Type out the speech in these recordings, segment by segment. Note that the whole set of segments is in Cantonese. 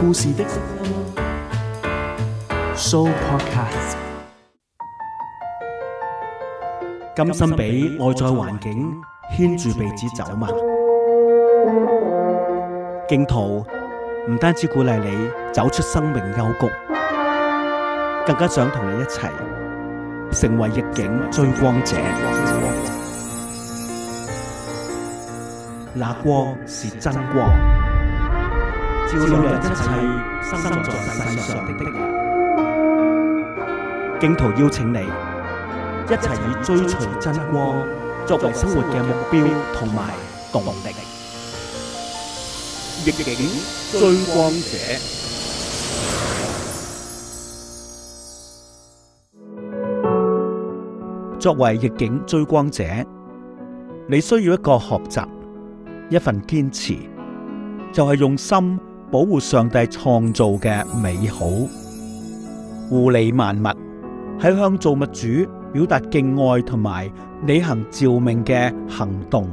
故事的 So Podcast，甘心俾外在環境牽住鼻子走嗎？荊徒唔單止鼓勵你走出生命幽谷，更加想同你一齊成為逆境追光者。那光是真光。照亮一切生在世上的的人，荊徒邀請你一齊以追隨真光作為生活嘅目標同埋動力。逆境追光者，作為逆境追光者，你需要一個學習，一份堅持，就係用心。保護上帝創造嘅美好，護理萬物，喺向造物主表達敬愛同埋履行召命嘅行動。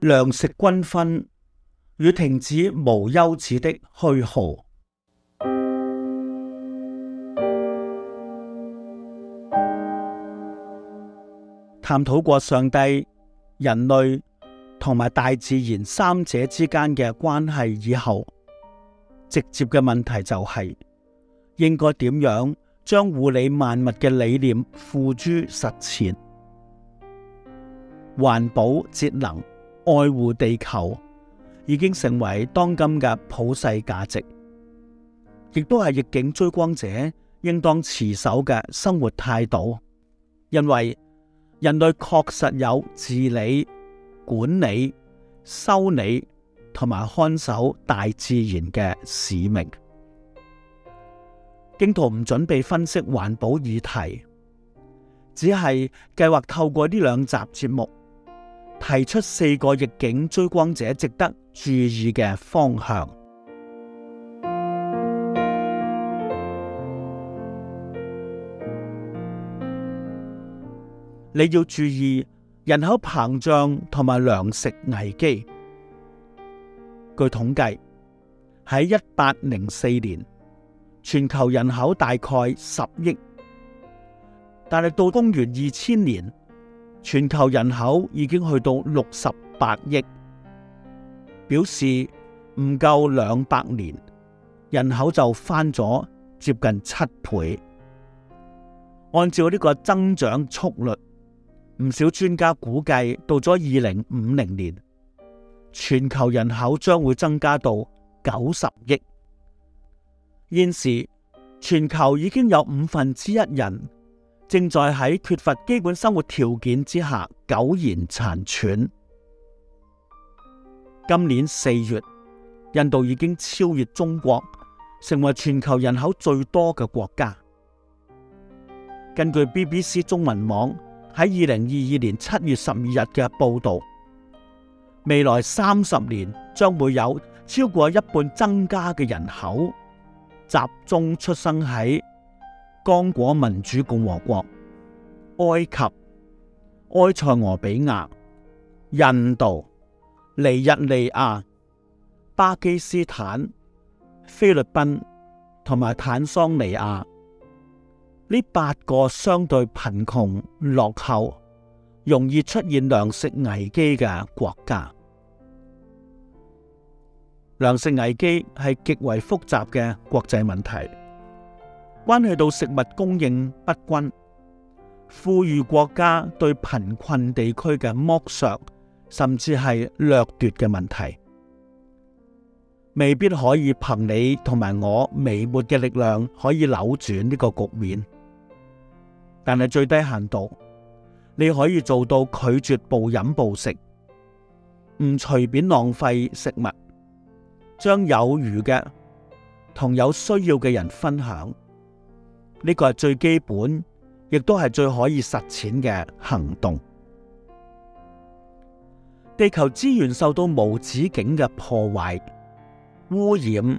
糧 食均分，與停止無休止的虛耗。探討過上帝、人類同埋大自然三者之間嘅關係以後，直接嘅問題就係、是、應該點樣將護理萬物嘅理念付諸實踐？環保、節能、愛護地球已經成為當今嘅普世價值，亦都係逆境追光者應當持守嘅生活態度，因為。人類確實有治理、管理、修理同埋看守大自然嘅使命。荊徒唔準備分析環保議題，只係計劃透過呢兩集節目，提出四個逆境追光者值得注意嘅方向。你要注意人口膨脹同埋糧食危機。據統計，喺一八零四年，全球人口大概十億，但係到公元二千年，全球人口已經去到六十八億，表示唔夠兩百年人口就翻咗接近七倍。按照呢個增長速率。唔少專家估計，到咗二零五零年，全球人口將會增加到九十億。現時全球已經有五分之一人正在喺缺乏基本生活條件之下苟延殘喘。今年四月，印度已經超越中國，成為全球人口最多嘅國家。根據 BBC 中文網。喺二零二二年七月十二日嘅報道，未來三十年將會有超過一半增加嘅人口集中出生喺剛果民主共和國、埃及、埃塞俄比亞、印度、尼日利亞、巴基斯坦、菲律賓同埋坦桑尼亞。呢八個相對貧窮、落後、容易出現糧食危機嘅國家，糧食危機係極為複雜嘅國際問題，關係到食物供應不均、富裕國家對貧困地區嘅剝削甚至係掠奪嘅問題，未必可以憑你同埋我微末嘅力量可以扭轉呢個局面。但係最低限度，你可以做到拒絕暴飲暴食，唔隨便浪費食物，將有餘嘅同有需要嘅人分享。呢個係最基本，亦都係最可以實踐嘅行動。地球資源受到無止境嘅破壞、污染，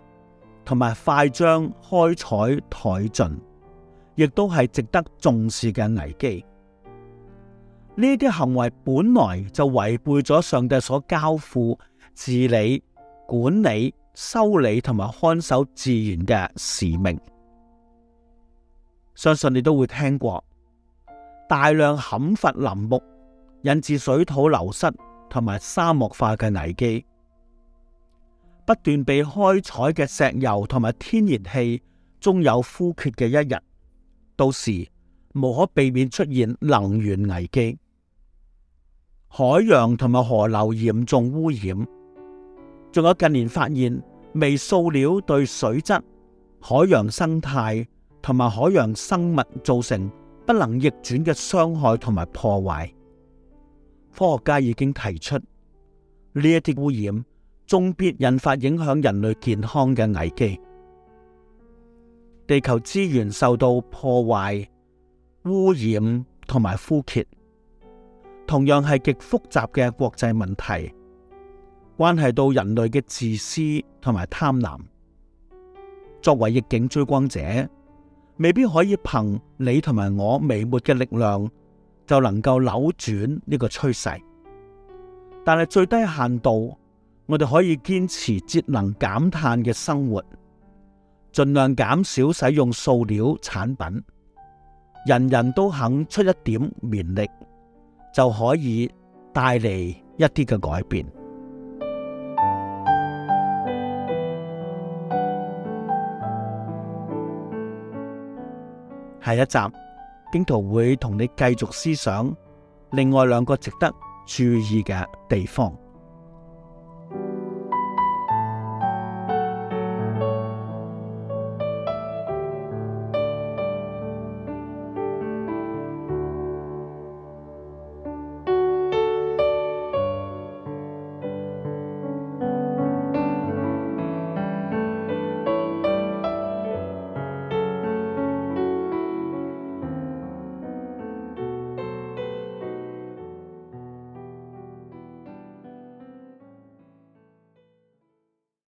同埋快將開採殆盡。亦都係值得重視嘅危機。呢啲行為本來就違背咗上帝所交付治理、管理、修理同埋看守自然嘅使命。相信你都會聽過，大量砍伐林木，引致水土流失同埋沙漠化嘅危機。不斷被開採嘅石油同埋天然氣，終有枯竭嘅一日。到時無可避免出現能源危機，海洋同埋河流嚴重污染，仲有近年發現微塑料對水質、海洋生態同埋海洋生物造成不能逆轉嘅傷害同埋破壞。科學家已經提出呢一啲污染，終必引發影響人類健康嘅危機。地球資源受到破壞、污染同埋枯竭，同樣係極複雜嘅國際問題，關係到人類嘅自私同埋貪婪。作為逆境追光者，未必可以憑你同埋我微末嘅力量就能夠扭轉呢個趨勢，但係最低限度，我哋可以堅持節能減碳嘅生活。盡量減少使用塑料產品，人人都肯出一點綿力，就可以帶嚟一啲嘅改變。下一集，荊徒會同你繼續思想另外兩個值得注意嘅地方。